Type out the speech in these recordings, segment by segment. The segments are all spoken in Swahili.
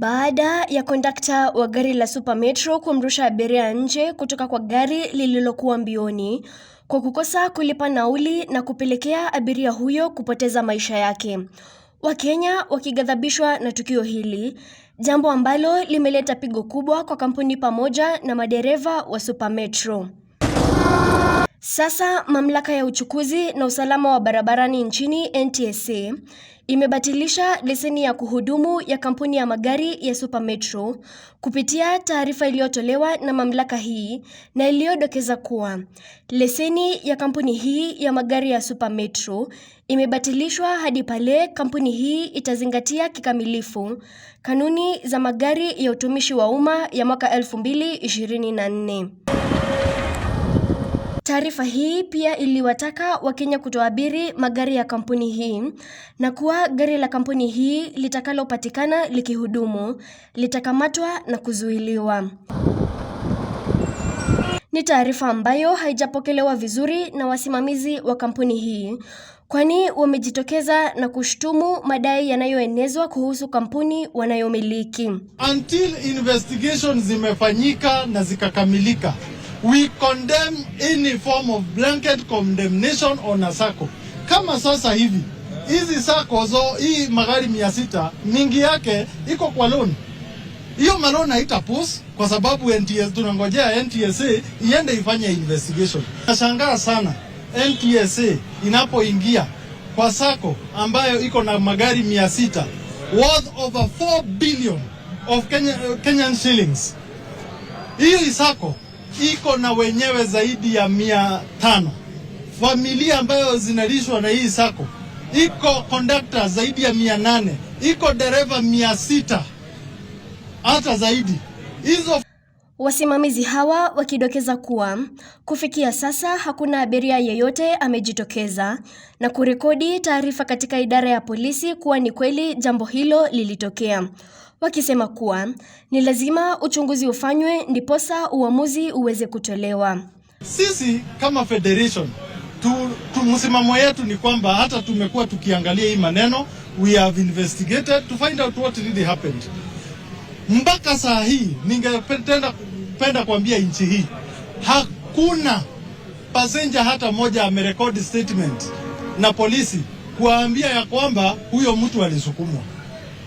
Baada ya kondakta wa gari la Super Metro kumrusha abiria nje kutoka kwa gari lililokuwa mbioni kwa kukosa kulipa nauli na kupelekea abiria huyo kupoteza maisha yake. Wakenya wakigadhabishwa na tukio hili, jambo ambalo limeleta pigo kubwa kwa kampuni pamoja na madereva wa Super Metro. Sasa mamlaka ya uchukuzi na usalama wa barabarani nchini NTSA imebatilisha leseni ya kuhudumu ya kampuni ya magari ya Super Metro kupitia taarifa iliyotolewa na mamlaka hii na iliyodokeza kuwa leseni ya kampuni hii ya magari ya Super Metro imebatilishwa hadi pale kampuni hii itazingatia kikamilifu kanuni za magari ya utumishi wa umma ya mwaka 2024. Taarifa hii pia iliwataka Wakenya kutoabiri magari ya kampuni hii na kuwa gari la kampuni hii litakalopatikana likihudumu litakamatwa na kuzuiliwa. Ni taarifa ambayo haijapokelewa vizuri na wasimamizi wa kampuni hii kwani wamejitokeza na kushtumu madai yanayoenezwa kuhusu kampuni wanayomiliki. Until investigation zimefanyika na zikakamilika we condemn any form of blanket condemnation on a sacco. Kama sasa hivi hizi sacco zo hii magari mia sita mingi yake iko kwa loan, hiyo malona haitapus kwa sababu NTS, tunangojea NTSA iende ifanye investigation. Nashangaa sana NTSA inapoingia kwa sacco ambayo iko na magari mia sita worth over 4 billion of Kenya, Kenyan shillings hiyo isako iko na wenyewe zaidi ya mia tano familia ambayo zinalishwa na hii sako iko kondakta zaidi ya mia nane iko dereva mia sita hata zaidi hizo. Wasimamizi hawa wakidokeza kuwa kufikia sasa hakuna abiria yeyote amejitokeza na kurekodi taarifa katika idara ya polisi kuwa ni kweli jambo hilo lilitokea wakisema kuwa ni lazima uchunguzi ufanywe ndiposa uamuzi uweze kutolewa. Sisi kama federation tu, msimamo yetu ni kwamba hata tumekuwa tukiangalia hii maneno, we have investigated to find out what really happened. Mpaka saa hii ningependa penda kuambia nchi hii hakuna passenger hata moja amerekodi statement na polisi kuambia ya kwamba huyo mtu alisukumwa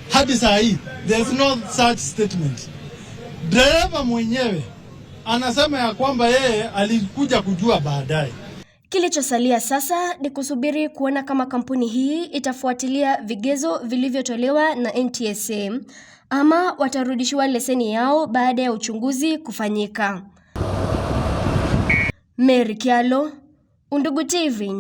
hadi saa hii. There's no such statement. Dereva mwenyewe anasema ya kwamba yeye alikuja kujua baadaye. Kilichosalia sasa ni kusubiri kuona kama kampuni hii itafuatilia vigezo vilivyotolewa na NTSA ama watarudishiwa leseni yao baada ya uchunguzi kufanyika. Mary Kyalo, Undugu TV.